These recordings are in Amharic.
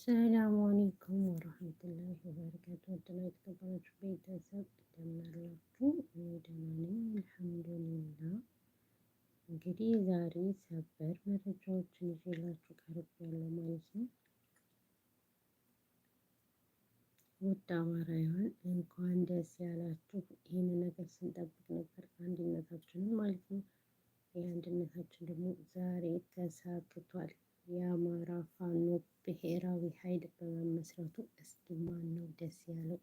ሰላም አለይኩም ወረህመቱላሂ ወበረካቱ። ወደና የተከበራችሁ ቤተሰብ እንደምናላችሁ፣ እኔ ደህና ነኝ አልሐምዱሊላህ። እንግዲህ ዛሬ ሰበር መረጃዎችን ይዤላችሁ ቀርቤያለሁ ማለት ነው። ውድ አማራውያን እንኳን ደስ ያላችሁ። ይህን ነገር ስንጠብቅ ነበር፣ አንድነታችንን ማለት ነው። አንድነታችን ደግሞ ዛሬ ተሳክቷል። የአማራ ፋኖ ብሔራዊ ኃይል በመመስረቱ እስኪ ማን ነው ደስ ያለው?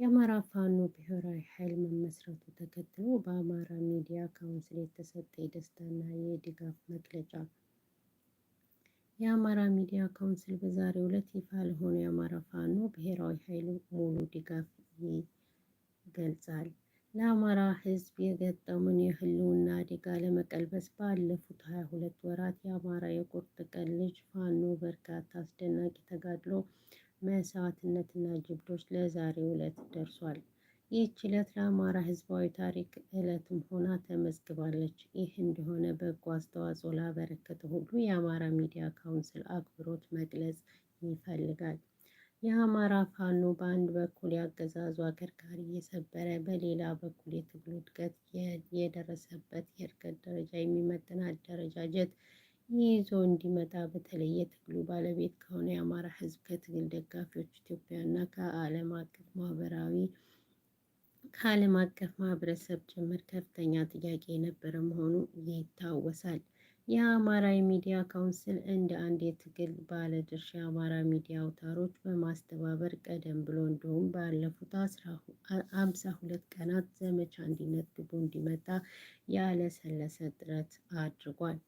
የአማራ ፋኖ ብሔራዊ ኃይል መመስረቱ ተከትሎ በአማራ ሚዲያ ካውንስል የተሰጠ የደስታና የድጋፍ መግለጫ የአማራ ሚዲያ ካውንስል በዛሬው ዕለት ይፋ ለሆነ የአማራ ፋኖ ብሔራዊ ኃይል ሙሉ ድጋፍ ይገልጻል። ለአማራ ሕዝብ የገጠሙን የህልውና አደጋ ለመቀልበስ ባለፉት 22 ወራት የአማራ የቁርጥ ቀን ልጅ ፋኖ በርካታ አስደናቂ ተጋድሎ መስዋዕትነትና ጀብዶች ለዛሬው ዕለት ደርሷል። ይህች ዕለት ለአማራ ሕዝባዊ ታሪክ ዕለትም ሆና ተመዝግባለች። ይህ እንደሆነ በጎ አስተዋጽኦ ላበረከተ ሁሉ የአማራ ሚዲያ ካውንስል አክብሮት መግለጽ ይፈልጋል። የአማራ ፋኖ በአንድ በኩል የአገዛዙ አከርካሪ እየሰበረ በሌላ በኩል የትግሉ እድገት የደረሰበት የእድገት ደረጃ የሚመጥን አደረጃጀት ይዞ እንዲመጣ በተለይ የትግሉ ባለቤት ከሆነ የአማራ ሕዝብ ከትግል ደጋፊዎች ኢትዮጵያና ከዓለም አቀፍ ማህበራዊ ከዓለም አቀፍ ማህበረሰብ ጭምር ከፍተኛ ጥያቄ የነበረ መሆኑ ይታወሳል። የአማራ ሚዲያ ካውንስል እንደ አንድ የትግል ባለድርሻ የአማራ ሚዲያ አውታሮች በማስተባበር ቀደም ብሎ እንዲሁም ባለፉት አምሳ ሁለት ቀናት ዘመቻ አንድነት ግቡ እንዲመጣ ያለሰለሰ ጥረት አድርጓል።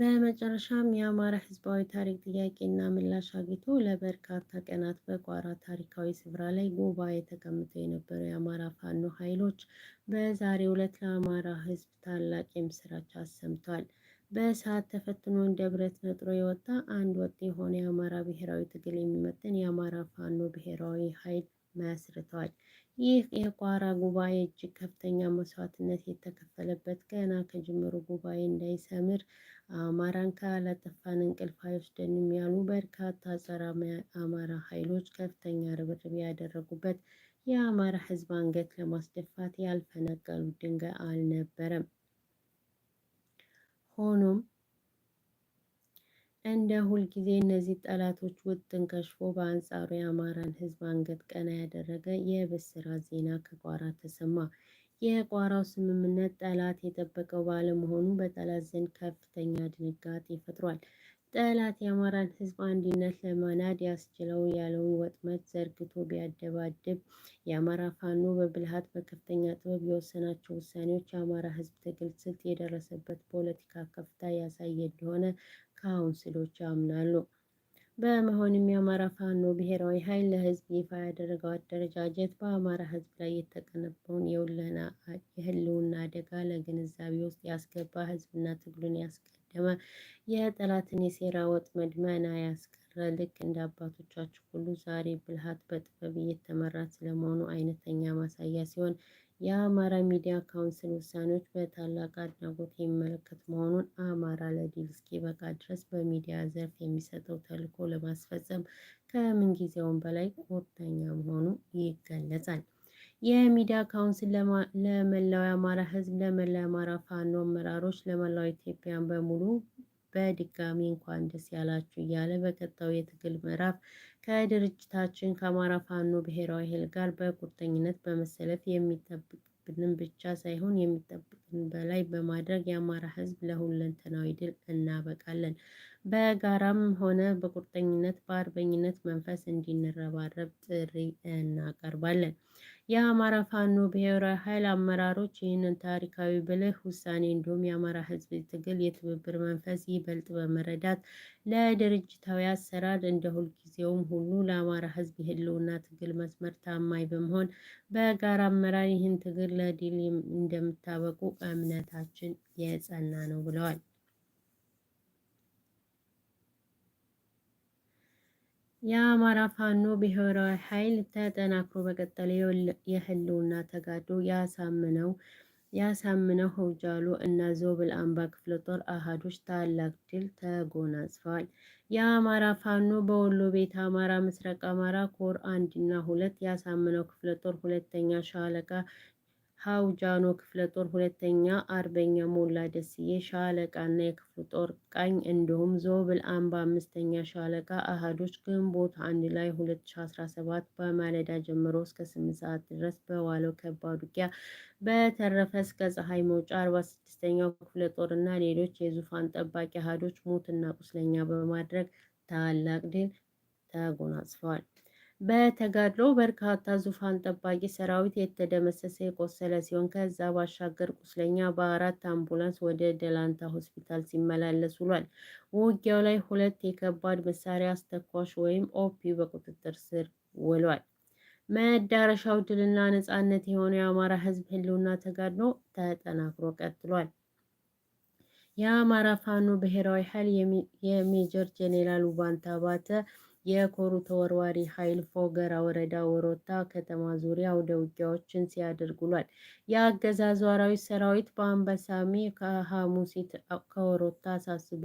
በመጨረሻም የአማራ ህዝባዊ ታሪክ ጥያቄና ምላሽ አግኝቶ ለበርካታ ቀናት በቋራ ታሪካዊ ስፍራ ላይ ጉባኤ ተቀምጠው የነበሩ የአማራ ፋኖ ኃይሎች በዛሬው ዕለት ለአማራ ህዝብ ታላቅ የምስራች አሰምቷል። በእሳት ተፈትኖ እንደ ብረት ነጥሮ የወጣ አንድ ወጥ የሆነ የአማራ ብሔራዊ ትግል የሚመጥን የአማራ ፋኖ ብሔራዊ ኃይል መስርተዋል። ይህ የቋራ ጉባኤ እጅግ ከፍተኛ መስዋዕትነት የተከፈለበት ገና ከጅምሩ ጉባኤ እንዳይሰምር አማራን ካላጠፋን እንቅልፍ አይወስደንም ያሉ በርካታ ጸረ አማራ ኃይሎች ከፍተኛ ርብርብ ያደረጉበት የአማራ ሕዝብ አንገት ለማስደፋት ያልፈነቀሉ ድንጋይ አልነበረም። ሆኖም እንደ ሁልጊዜ እነዚህ ጠላቶች ውጥን ከሽፎ በአንጻሩ የአማራን ሕዝብ አንገት ቀና ያደረገ የብስራት ዜና ከቋራ ተሰማ። የቋራው ስምምነት ጠላት የጠበቀው ባለመሆኑ በጠላት ዘንድ ከፍተኛ ድንጋጤ ፈጥሯል። ጠላት የአማራን ሕዝብ አንድነት ለመናድ ያስችለው ያለውን ወጥመድ ዘርግቶ ቢያደባድብ የአማራ ፋኖ በብልሃት በከፍተኛ ጥበብ የወሰናቸው ውሳኔዎች የአማራ ሕዝብ ትግል ስልት የደረሰበት ፖለቲካ ከፍታ ያሳየ እንደሆነ ካውንስሎች ያምናሉ። በመሆንም የአማራ ፋኖ ብሔራዊ ኃይል ለህዝብ ይፋ ያደረገው አደረጃጀት በአማራ ህዝብ ላይ የተቀነበውን የህልውና አደጋ ለግንዛቤ ውስጥ ያስገባ ህዝብና ትግሉን ያስቀደመ የጠላትን የሴራ ወጥመድ መና ያስቀረ ልክ እንደ አባቶቻችሁ ሁሉ ዛሬ ብልሃት በጥበብ እየተመራ ስለመሆኑ አይነተኛ ማሳያ ሲሆን የአማራ ሚዲያ ካውንስል ውሳኔዎች በታላቅ አድናቆት የሚመለከት መሆኑን አማራ ለድል እስኪበቃ ድረስ በሚዲያ ዘርፍ የሚሰጠው ተልዕኮ ለማስፈጸም ከምንጊዜውም በላይ ቁርጠኛ መሆኑ ይገለጻል። የሚዲያ ካውንስል ለመላው የአማራ ሕዝብ፣ ለመላው የአማራ ፋኖ አመራሮች፣ ለመላው ኢትዮጵያን በሙሉ በድጋሚ እንኳን ደስ ያላችሁ እያለ በቀጣው የትግል ምዕራፍ ከድርጅታችን ከአማራ ፋኖ ብሔራዊ ኃይል ጋር በቁርጠኝነት በመሰለፍ የሚጠብቅብንን ብቻ ሳይሆን የሚጠብቅን በላይ በማድረግ የአማራ ሕዝብ ለሁለንተናዊ ድል እናበቃለን። በጋራም ሆነ በቁርጠኝነት በአርበኝነት መንፈስ እንዲንረባረብ ጥሪ እናቀርባለን። የአማራ ፋኖ ብሔራዊ ኃይል አመራሮች ይህንን ታሪካዊ ብልህ ውሳኔ እንዲሁም የአማራ ሕዝብ ትግል የትብብር መንፈስ ይበልጥ በመረዳት ለድርጅታዊ አሰራር እንደ ሁልጊዜውም ሁሉ ለአማራ ሕዝብ የህልውና ትግል መስመር ታማኝ በመሆን በጋራ አመራር ይህን ትግል ለድል እንደምታበቁ እምነታችን የጸና ነው ብለዋል። የአማራ ፋኖ ብሔራዊ ኃይል ተጠናክሮ በቀጠለ የህልውና ተጋድሎ ያሳምነው ያሳምነው ሆጃሉ እና ዞብል አምባ ክፍለ ጦር አሃዶች ታላቅ ድል ተጎናጽፈዋል። የአማራ ፋኖ በወሎ ቤት አማራ ምስራቅ አማራ ኮር አንድ እና ሁለት ያሳምነው ክፍለ ጦር ሁለተኛ ሻለቃ ሀውጃኖ ክፍለ ጦር ሁለተኛ አርበኛ ሞላ ደስዬ ሻለቃና የክፍለ ጦር ቃኝ እንዲሁም ዞብል አምባ አምስተኛ ሻለቃ አህዶች ግንቦት አንድ ላይ 2017 በማለዳ ጀምሮ እስከ 8 ሰዓት ድረስ በዋለው ከባድ ውጊያ በተረፈ እስከ ፀሐይ መውጫ 46ኛው ክፍለ ጦር እና ሌሎች የዙፋን ጠባቂ አህዶች ሞትና ቁስለኛ በማድረግ ታላቅ ድል ተጎናጽፈዋል። በተጋድሎ በርካታ ዙፋን ጠባቂ ሰራዊት የተደመሰሰ የቆሰለ ሲሆን ከዛ ባሻገር ቁስለኛ በአራት አምቡላንስ ወደ ደላንታ ሆስፒታል ሲመላለስ ውሏል። ውጊያው ላይ ሁለት የከባድ መሳሪያ አስተኳሽ ወይም ኦፒ በቁጥጥር ስር ውሏል። መዳረሻው ድልና ነጻነት የሆነው የአማራ ሕዝብ ህልውና ተጋድሎ ተጠናክሮ ቀጥሏል። የአማራ ፋኖ ብሔራዊ ኃይል የሜጀር ጄኔራል ውባንታ ባተ የኮሩ ተወርዋሪ ኃይል ፎገራ ወረዳ ወሮታ ከተማ ዙሪያ አውደ ውጊያዎችን ሲያደርግ ውሏል። የአገዛዙ አራዊት ሰራዊት በአንበሳሚ ከሐሙሲት ከወሮታ አሳስቦ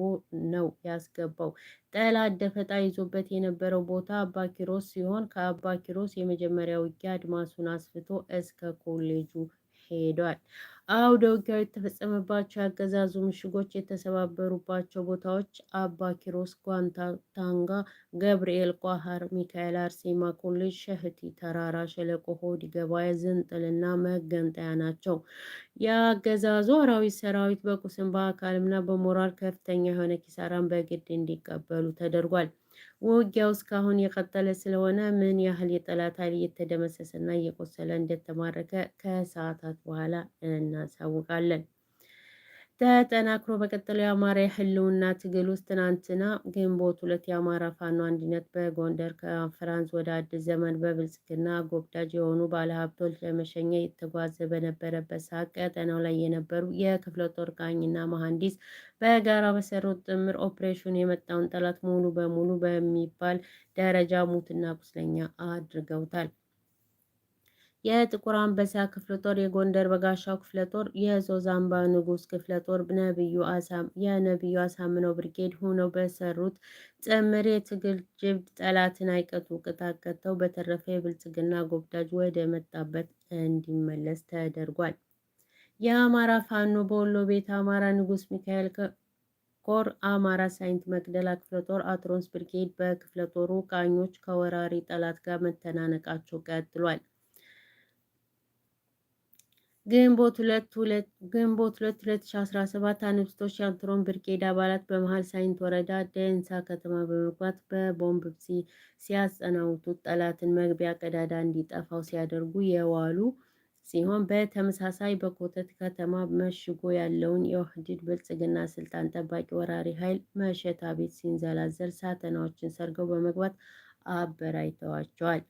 ነው ያስገባው። ጠላት ደፈጣ ይዞበት የነበረው ቦታ አባኪሮስ ሲሆን ከአባኪሮስ የመጀመሪያ ውጊያ አድማሱን አስፍቶ እስከ ኮሌጁ ሄዷል። አውደ ውጊያው የተፈጸመባቸው የአገዛዙ ምሽጎች የተሰባበሩባቸው ቦታዎች አባ ኪሮስ፣ ጓንታ፣ ታንጋ፣ ገብርኤል፣ ቋሃር ሚካኤል፣ አርሴማ ኮሌጅ፣ ሸህቲ ተራራ፣ ሸለቆ፣ ሆድ ገበያ፣ ዝንጥልና መገንጠያ ናቸው። የአገዛዙ አራዊት ሰራዊት በቁስም በአካልምና በሞራል ከፍተኛ የሆነ ኪሳራን በግድ እንዲቀበሉ ተደርጓል። ውጊያው እስካሁን የቀጠለ ስለሆነ ምን ያህል የጠላት ኃይል እየተደመሰሰና እየቆሰለ እንደተማረከ ከሰዓታት በኋላ እናሳውቃለን። ተጠናክሮ በቀጠለው የአማራ የህልውና ትግል ውስጥ ትናንትና ግንቦት ሁለት የአማራ ፋኖ አንድነት በጎንደር ኮንፈረንስ ወደ አዲስ ዘመን በብልጽግና ጎብዳጅ የሆኑ ባለሀብቶች ለመሸኘ የተጓዘ በነበረበት ሰዓት ቀጠናው ላይ የነበሩ የክፍለ ጦር ቃኝና መሐንዲስ በጋራ በሰሩት ጥምር ኦፕሬሽን የመጣውን ጠላት ሙሉ በሙሉ በሚባል ደረጃ ሙትና ቁስለኛ አድርገውታል። የጥቁር አንበሳ ክፍለ ጦር፣ የጎንደር በጋሻው ክፍለ ጦር፣ የዞዛምባ ንጉስ ክፍለ ጦር የነብዩ አሳምነው ብርጌድ ሆነው በሰሩት ጥምር የትግል ጅብድ ጠላትን አይቀጡ ቅጣት ቀጥተው በተረፈ የብልጽግና ጎብዳጅ ወደ መጣበት እንዲመለስ ተደርጓል። የአማራ ፋኖ በወሎ ቤት አማራ ንጉስ ሚካኤል ኮር አማራ ሳይንት መቅደላ ክፍለ ጦር አትሮንስ ብርጌድ በክፍለ ጦሩ ቃኞች ከወራሪ ጠላት ጋር መተናነቃቸው ቀጥሏል። ግንቦት ሁለት ሁለት ግንቦት ሁለት ሁለት ሺ አስራ ሰባት አንብስቶች ሻንትሮም ብርጌድ አባላት በመሀል ሳይንት ወረዳ ደንሳ ከተማ በመግባት በቦምብ ሲያጸናውቱ ጠላትን መግቢያ ቀዳዳ እንዲጠፋው ሲያደርጉ የዋሉ ሲሆን በተመሳሳይ በኮተት ከተማ መሽጎ ያለውን የውህድድ ብልጽግና ስልጣን ጠባቂ ወራሪ ኃይል መሸታ ቤት ሲንዘላዘል ሳተናዎችን ሰርገው በመግባት አበራይተዋቸዋል።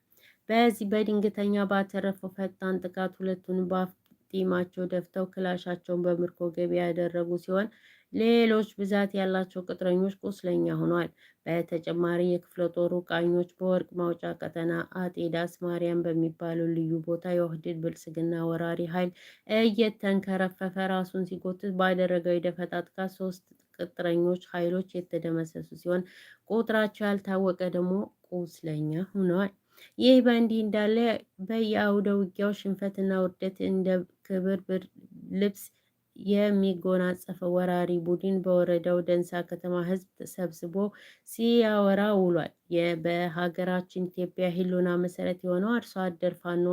በዚህ በድንገተኛ ባተረፈው ፈጣን ጥቃት ሁለቱን በአፍ ጢማቸው ደፍተው ክላሻቸውን በምርኮ ገቢ ያደረጉ ሲሆን ሌሎች ብዛት ያላቸው ቅጥረኞች ቁስለኛ ሆኗል። በተጨማሪ የክፍለ ጦሩ ቃኞች በወርቅ ማውጫ ቀጠና አጤዳስ ማርያም በሚባለው ልዩ ቦታ የውህድድ ብልጽግና ወራሪ ኃይል እየተንከረፈፈ ራሱን ሲጎትት ባደረገው የደፈጣ ጥቃት ሶስት ቅጥረኞች ኃይሎች የተደመሰሱ ሲሆን ቁጥራቸው ያልታወቀ ደግሞ ቁስለኛ ሆኗል። ይህ በእንዲህ እንዳለ በየአውደ ውጊያው ሽንፈትና ውርደት እንደ ክብር ልብስ የሚጎናጸፈው ወራሪ ቡድን በወረዳው ደንሳ ከተማ ህዝብ ተሰብስቦ ሲያወራ ውሏል። በሀገራችን ኢትዮጵያ ሕልውና መሰረት የሆነው አርሶ አደር ፋኖ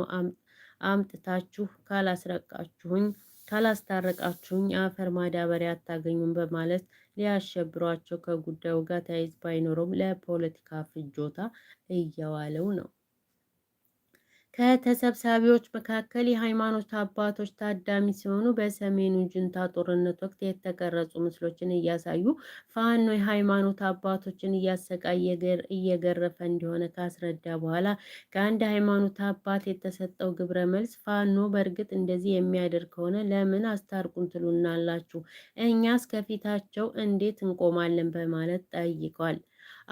አምጥታችሁ ካላስረቃችሁኝ ካላስታረቃችሁኝ አፈር ማዳበሪያ አታገኙም በማለት ሊያሸብሯቸው ከጉዳዩ ጋር ተያይዝ ባይኖረውም ለፖለቲካ ፍጆታ እየዋለው ነው። ከተሰብሳቢዎች መካከል የሃይማኖት አባቶች ታዳሚ ሲሆኑ በሰሜኑ ጁንታ ጦርነት ወቅት የተቀረጹ ምስሎችን እያሳዩ ፋኖ የሃይማኖት አባቶችን እያሰቃየ እየገረፈ እንደሆነ ካስረዳ በኋላ ከአንድ ሃይማኖት አባት የተሰጠው ግብረ መልስ ፋኖ በእርግጥ እንደዚህ የሚያደርግ ከሆነ ለምን አስታርቁን ትሉናላችሁ? እኛስ ከፊታቸው እንዴት እንቆማለን? በማለት ጠይቋል።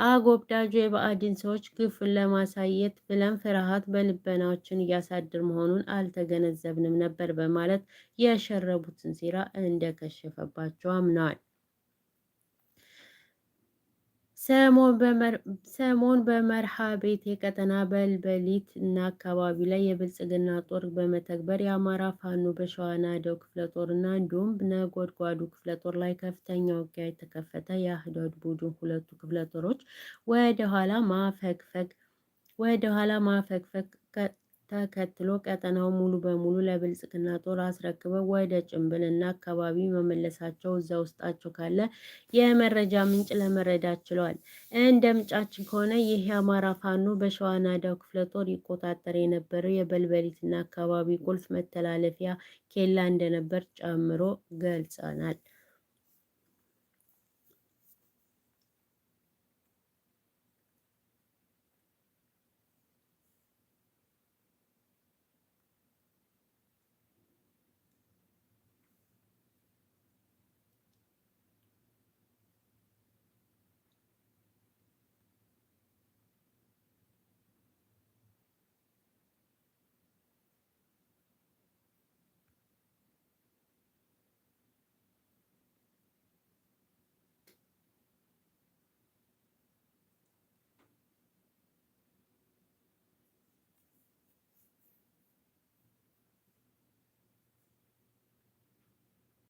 አጎብዳጁ የባአዲን ሰዎች ግፍን ለማሳየት ብለን ፍርሃት በልበናዎችን እያሳድር መሆኑን አልተገነዘብንም ነበር በማለት የሸረቡትን ሴራ እንደከሸፈባቸው አምነዋል። ሰሞን በመርሃ ቤቴ ቀጠና እና አካባቢ ላይ የብልጽግና ጦር በመተግበር የአማራ ፋኖ በሸዋናደው ክፍለ እና እንዲሁም ነጎድጓዱ ክፍለ ጦር ላይ ከፍተኛ ውጊያ የተከፈተ የአህዳድ ቡድን ሁለቱ ክፍለ ጦሮች ወደኋላ ማፈግፈግ ወደኋላ ማፈግፈግ ተከትሎ ቀጠናው ሙሉ በሙሉ ለብልጽግና ጦር አስረክበው ወደ ጭንብልና አካባቢ መመለሳቸው እዛ ውስጣቸው ካለ የመረጃ ምንጭ ለመረዳት ችለዋል። እንደ ምንጫችን ከሆነ ይህ የአማራ ፋኖ በሸዋናዳው ክፍለ ጦር ይቆጣጠር የነበረው የበልበሊትና አካባቢ ቁልፍ መተላለፊያ ኬላ እንደነበር ጨምሮ ገልጸናል።